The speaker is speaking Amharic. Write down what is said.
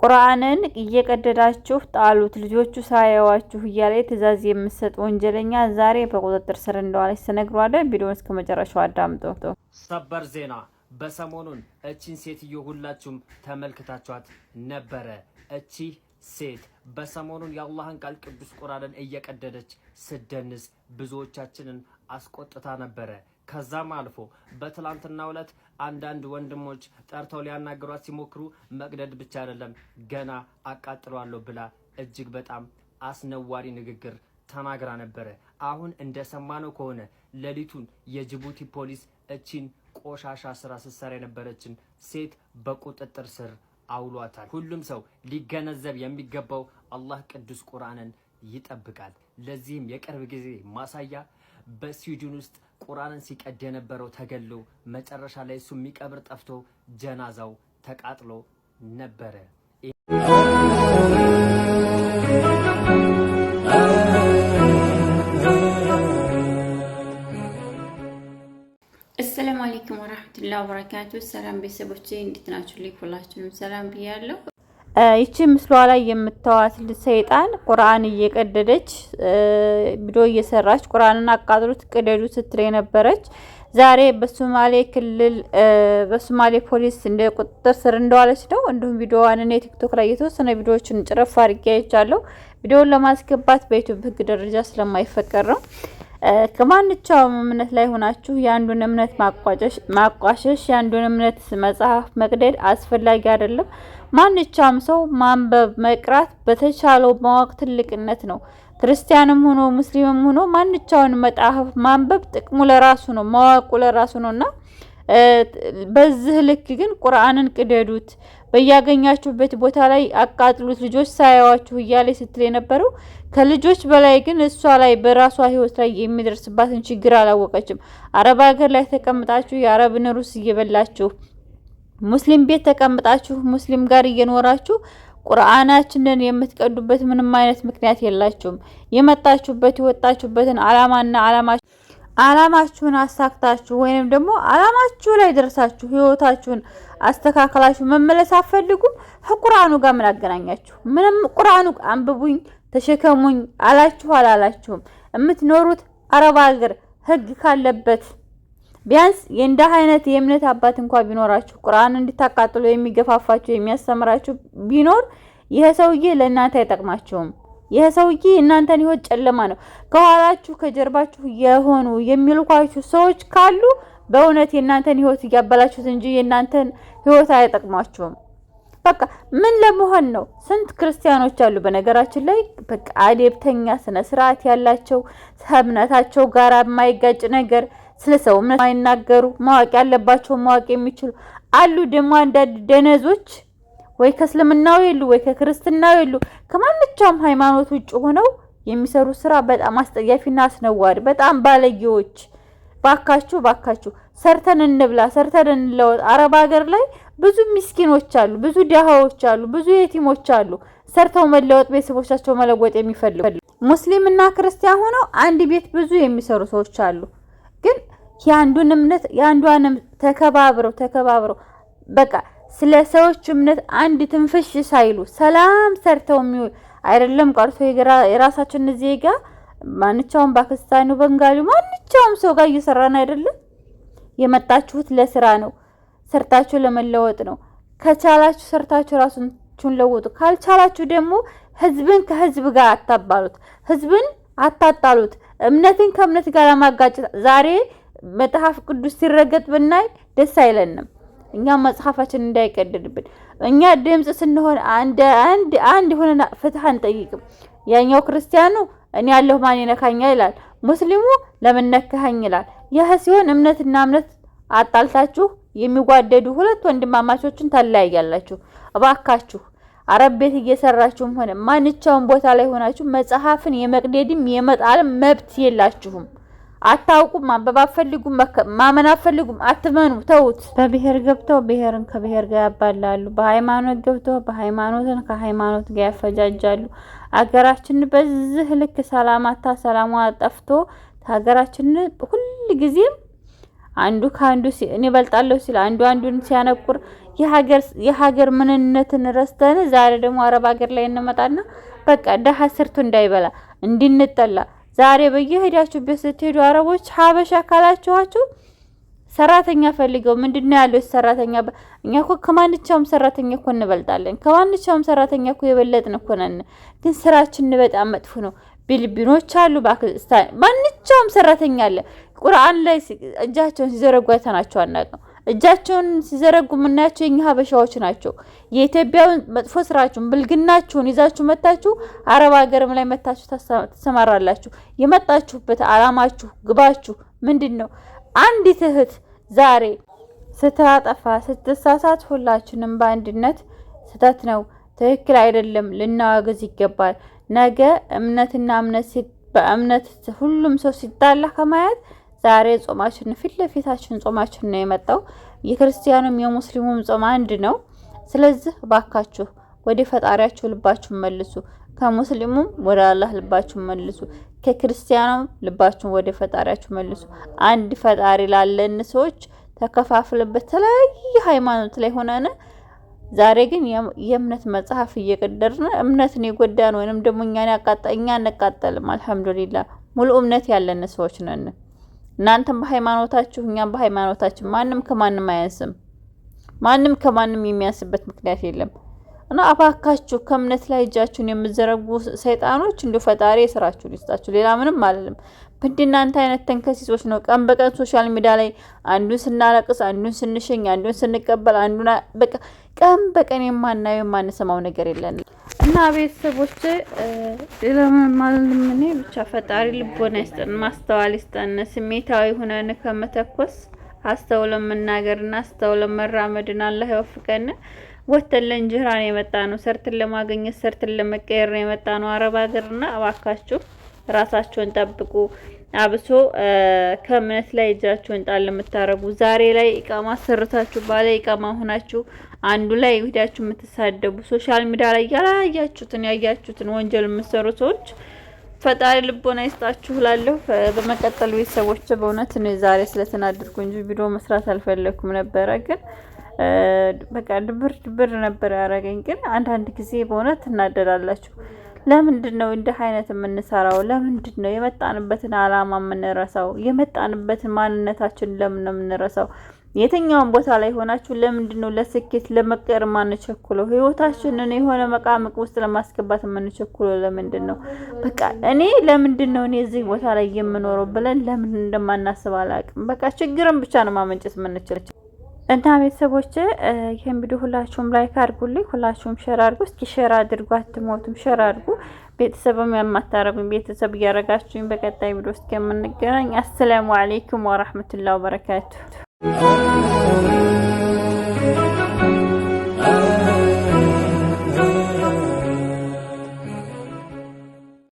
ቁርአንን እየቀደዳችሁ ጣሉት ልጆቹ ሳያዋችሁ እያለ ትእዛዝ የምሰጥ ወንጀለኛ ዛሬ በቁጥጥር ስር እንደዋለች ተነግሯለን። ቪዲዮን እስከ መጨረሻው አዳምጦ። ሰበር ዜና በሰሞኑን እቺን ሴትዮ ሁላችሁም ተመልክታችኋት ነበረ። እቺ ሴት በሰሞኑን የአላህን ቃል ቅዱስ ቁርአንን እየቀደደች ስደንስ ብዙዎቻችንን አስቆጥታ ነበረ። ከዛም አልፎ በትላንትና ዕለት አንዳንድ ወንድሞች ጠርተው ሊያናገሯት ሲሞክሩ መቅደድ ብቻ አይደለም ገና አቃጥሏለሁ ብላ እጅግ በጣም አስነዋሪ ንግግር ተናግራ ነበረ። አሁን እንደሰማነው ከሆነ ሌሊቱን የጅቡቲ ፖሊስ እቺን ቆሻሻ ስራ ስትሰራ የነበረችን ሴት በቁጥጥር ስር አውሏታል። ሁሉም ሰው ሊገነዘብ የሚገባው አላህ ቅዱስ ቁርአንን ይጠብቃል። ለዚህም የቅርብ ጊዜ ማሳያ በስዊድን ውስጥ ቁርአንን ሲቀድ የነበረው ተገሎ መጨረሻ ላይ እሱ የሚቀብር ጠፍቶ ጀናዛው ተቃጥሎ ነበረ። አሰላሙ አለይኩም ወራህመቱላሂ ወበረካቱ። ሰላም ቤተሰቦቼ እንዴት ናችሁ? ሁላችሁንም ሰላም ብያለሁ። ይቺ ምስሏ ላይ የምታዋት ሰይጣን ቁርአን እየቀደደች ቪዲዮ እየሰራች ቁርአንን አቃጥሉት ቅደዱ ስትል የነበረች ዛሬ በሶማሌ ክልል በሶማሌ ፖሊስ እንደ ቁጥጥር ስር እንደዋለች ነው። እንዲሁም ቪዲዮዋን እኔ ቲክቶክ ላይ የተወሰነ ቪዲዮዎችን ጭረፍ አድርጌ አይቻለሁ። ቪዲዮውን ለማስገባት በዩቱብ ህግ ደረጃ ስለማይፈቀድ ነው። ከማንቻውም እምነት ላይ ሆናችሁ የአንዱን እምነት ማቋሸሽ፣ የአንዱን እምነት መጽሐፍ መቅደድ አስፈላጊ አይደለም። ማንቻም ሰው ማንበብ መቅራት በተቻለው ማወቅ ትልቅነት ነው። ክርስቲያንም ሆኖ ሙስሊምም ሆኖ ማንቻውን መጽሐፍ ማንበብ ጥቅሙ ለራሱ ነው፣ ማወቁ ለራሱ ነው እና በዚህ ልክ ግን ቁርአንን ቅደዱት፣ በያገኛችሁበት ቦታ ላይ አቃጥሉት፣ ልጆች ሳያዋችሁ እያለ ስትል የነበረው ከልጆች በላይ ግን እሷ ላይ በራሷ ህይወት ላይ የሚደርስባትን ችግር አላወቀችም። አረብ ሀገር ላይ ተቀምጣችሁ የአረብን ንሩስ እየበላችሁ ሙስሊም ቤት ተቀምጣችሁ ሙስሊም ጋር እየኖራችሁ ቁርአናችንን የምትቀዱበት ምንም አይነት ምክንያት የላችሁም። የመጣችሁበት የወጣችሁበትን አላማና አላማ አላማችሁን አሳክታችሁ ወይንም ደግሞ አላማችሁ ላይ ደርሳችሁ ህይወታችሁን አስተካክላችሁ መመለስ አትፈልጉም። ከቁርአኑ ጋር ምን አገናኛችሁ? ምንም ቁርአኑ አንብቡኝ ተሸከሙኝ አላችሁ አላላችሁም። የምትኖሩት አረብ ሀገር ህግ ካለበት ቢያንስ የእንደ አይነት የእምነት አባት እንኳ ቢኖራችሁ ቁርአን እንድታቃጥሉ የሚገፋፋችሁ የሚያስተምራችሁ ቢኖር ይህ ሰውዬ ለእናንተ አይጠቅማችሁም። ይህ ሰውዬ እናንተን ህይወት ጨለማ ነው። ከኋላችሁ ከጀርባችሁ የሆኑ የሚልኳችሁ ሰዎች ካሉ በእውነት የእናንተን ህይወት እያበላችሁት እንጂ የእናንተን ህይወት አይጠቅማችሁም። በቃ ምን ለመሆን ነው? ስንት ክርስቲያኖች አሉ። በነገራችን ላይ በቃ አደብተኛ ስነ ስርዓት ያላቸው እምነታቸው ጋር የማይጋጭ ነገር ስለ ሰው የማይናገሩ ማወቅ ያለባቸው ማወቅ የሚችሉ አሉ። ደግሞ አንዳንድ ደነዞች ወይ ከእስልምናው የሉ ወይ ከክርስትናው የሉ ከማንኛውም ሃይማኖት ውጭ ሆነው የሚሰሩ ስራ በጣም አስጠያፊና አስነዋሪ፣ በጣም ባለጌዎች። ባካችሁ ባካችሁ፣ ሰርተን እንብላ፣ ሰርተን እንለወጥ። አረብ ሀገር ላይ ብዙ ምስኪኖች አሉ፣ ብዙ ድሃዎች አሉ፣ ብዙ የቲሞች አሉ። ሰርተው መለወጥ፣ ቤተሰቦቻቸው መለወጥ የሚፈልጉ ሙስሊምና ክርስቲያን ሆነው አንድ ቤት ብዙ የሚሰሩ ሰዎች አሉ። የአንዱን እምነት የአንዷንም ተከባብረው ተከባብረው በቃ ስለ ሰዎች እምነት አንድ ትንፍሽ ሳይሉ ሰላም ሰርተው የሚውል አይደለም ቀርቶ የራሳችን ዜጋ ማንቻውም ፓኪስታኑ፣ በንጋሉ ማንቻውም ሰው ጋር እየሰራን አይደለም። የመጣችሁት ለስራ ነው፣ ሰርታችሁ ለመለወጥ ነው። ከቻላችሁ ሰርታችሁ ራሳችሁን ለውጡ። ካልቻላችሁ ደግሞ ህዝብን ከህዝብ ጋር አታባሉት፣ ህዝብን አታጣሉት፣ እምነትን ከእምነት ጋር ለማጋጨት ዛሬ መጽሐፍ ቅዱስ ሲረገጥ ብናይ ደስ አይለንም። እኛ መጽሐፋችን እንዳይቀደድብን እኛ ድምፅ ስንሆን አንድ አንድ አንድ የሆነ ፍትህ አንጠይቅም። ያኛው ክርስቲያኑ እኔ ያለሁ ማን ይነካኛ ይላል፣ ሙስሊሙ ለምን ነካኸኝ ይላል። ይህ ሲሆን እምነትና እምነት አጣልታችሁ የሚጓደዱ ሁለት ወንድማማቾችን ታለያያላችሁ። እባካችሁ አረብ ቤት እየሰራችሁም ሆነ ማንቻውን ቦታ ላይ ሆናችሁ መጽሐፍን የመቅደድም የመጣልም መብት የላችሁም። አታውቁም፣ ማንበብ አትፈልጉም፣ ማመን አትፈልጉም። አትመኑ፣ ተውት። በብሔር ገብተው ብሔርን ከብሔር ጋር ያባላሉ። በሃይማኖት ገብተው በሃይማኖትን ከሃይማኖት ጋር ያፈጃጃሉ። አገራችን በዚህ ልክ ሰላማታ ሰላሟ ጠፍቶ ሀገራችን ሁል ጊዜም አንዱ ከአንዱ እኔ እበልጣለሁ ሲል አንዱ አንዱን ሲያነቁር የሀገር ምንነትን ረስተን ዛሬ ደግሞ አረብ ሀገር ላይ እንመጣና በቃ ደሀ ስርቱ እንዳይበላ እንዲንጠላ ዛሬ በየሄዳችሁበት ስትሄዱ አረቦች ሀበሻ ካላችኋችሁ ሰራተኛ ፈልገው ምንድን ነው ያለው? ሰራተኛ እኛ እኮ ከማንቻውም ሰራተኛ እኮ እንበልጣለን። ከማንቻውም ሰራተኛ እኮ የበለጥን እኮ ነን። ግን ስራችን በጣም መጥፎ ነው። ቢልቢኖች አሉ፣ ማንቻውም ሰራተኛ አለ። ቁርአን ላይ እጃቸውን ሲዘረጉ አይተናቸው አናውቅም። እጃቸውን ሲዘረጉ የምናያቸው የኛ ሀበሻዎች ናቸው። የኢትዮጵያን መጥፎ ስራችሁን ብልግናችሁን ይዛችሁ መታችሁ አረብ ሀገርም ላይ መታችሁ ትሰማራላችሁ። የመጣችሁበት አላማችሁ ግባችሁ ምንድን ነው? አንዲት እህት ዛሬ ስታጠፋ ስትሳሳት፣ ሁላችንም በአንድነት ስህተት ነው ትክክል አይደለም ልናወግዝ ይገባል። ነገ እምነትና እምነት በእምነት ሁሉም ሰው ሲጣላ ከማየት ዛሬ ጾማችን ፊት ለፊታችን ጾማችን ነው የመጣው። የክርስቲያኑም የሙስሊሙም ጾም አንድ ነው። ስለዚህ ባካችሁ ወደ ፈጣሪያችሁ ልባችሁን መልሱ። ከሙስሊሙም ወደ አላህ ልባችሁን መልሱ። ከክርስቲያኑም ልባችሁን ወደ ፈጣሪያችሁ መልሱ። አንድ ፈጣሪ ላለን ሰዎች ተከፋፍለን በተለያየ ሃይማኖት ላይ ሆነን ዛሬ ግን የእምነት መጽሐፍ እየቀደርን እምነትን የጎዳን ወይንም ደግሞ እኛን ያቃጠ እኛ አንቃጠልም። አልሐምዱሊላ ሙሉ እምነት ያለን ሰዎች ነን። እናንተም በሃይማኖታችሁ እኛም በሃይማኖታችሁ ማንም ከማንም አያንስም። ማንም ከማንም የሚያንስበት ምክንያት የለም እና አባካችሁ ከእምነት ላይ እጃችሁን የምዘረጉ ሰይጣኖች እንዲሁ ፈጣሪ የስራችሁን ይስጣችሁ። ሌላ ምንም ብንድ እናንተ አይነት ተንከሲሶች ነው ቀን በቀን ሶሻል ሚዲያ ላይ አንዱን ስናለቅስ፣ አንዱን ስንሸኝ፣ አንዱን ስንቀበል፣ አንዱን በቃ ቀን በቀን የማናየው የማንሰማው ነገር የለንም። እና ቤተሰቦች ለማንም እኔ ብቻ ፈጣሪ ልቦና ይስጠን፣ ማስተዋል ይስጠን። ስሜታዊ ሁነን ከመተኮስ አስተውለን መናገርና አስተውለን መራመድን አላህ ይወፍቀን። ወተን ለእንጀራን የመጣ ነው፣ ሰርትን ለማገኘት ሰርትን ለመቀየር ነው የመጣ ነው። አረብ ሀገርና እባካችሁ ራሳችሁን ጠብቁ። አብሶ ከእምነት ላይ እጃችሁን ጣል የምታረጉ ዛሬ ላይ ኢቃማ ሰርታችሁ ባለ ኢቃማ ሆናችሁ አንዱ ላይ ሂዳችሁ የምትሳደቡ ሶሻል ሚዲያ ላይ ያላያችሁትን ያያችሁትን ወንጀል የምትሰሩ ሰዎች ፈጣሪ ልቦና ይስጣችሁ እላለሁ። በመቀጠል ቤተሰቦች በእውነት እኔ ዛሬ ስለተናደድኩ እንጂ ቪዲዮ መስራት አልፈለኩም ነበረ፣ ግን በቃ ድብር ድብር ነበር ያረገኝ። ግን አንዳንድ ጊዜ በእውነት እናደዳላችሁ። ለምንድን ነው እንዲህ አይነት የምንሰራው? ለምንድን ነው የመጣንበትን አላማ የምንረሳው? የመጣንበትን ማንነታችን ለምን ነው የምንረሳው? የትኛው ቦታ ላይ ሆናችሁ ለምንድን ነው ለስኬት ለመቀር ማንቸኩለው? ህይወታችንን የሆነ መቃመቅ ውስጥ ለማስገባት የምንቸኩለው ለምንድን ነው? በቃ እኔ ለምንድን ነው እኔ እዚህ ቦታ ላይ የምኖረው ብለን ለምን እንደማናስብ አላውቅም። በቃ ችግርን ብቻ ነው ማመንጨት የምንችል እና ቤተሰቦች ይህን ቪዲዮ ሁላችሁም ላይክ አድርጉልኝ፣ ሁላችሁም ሸር አድርጉ። እስኪ ሸር አድርጉ፣ አትሞቱም፣ ሸር አድርጉ። ቤተሰብም የማታረጉኝ ቤተሰብ እያረጋችሁኝ፣ በቀጣይ ቪዲዮ እስከምንገናኝ አሰላሙ አሌይኩም ወራህመቱላሂ ወበረካቱ።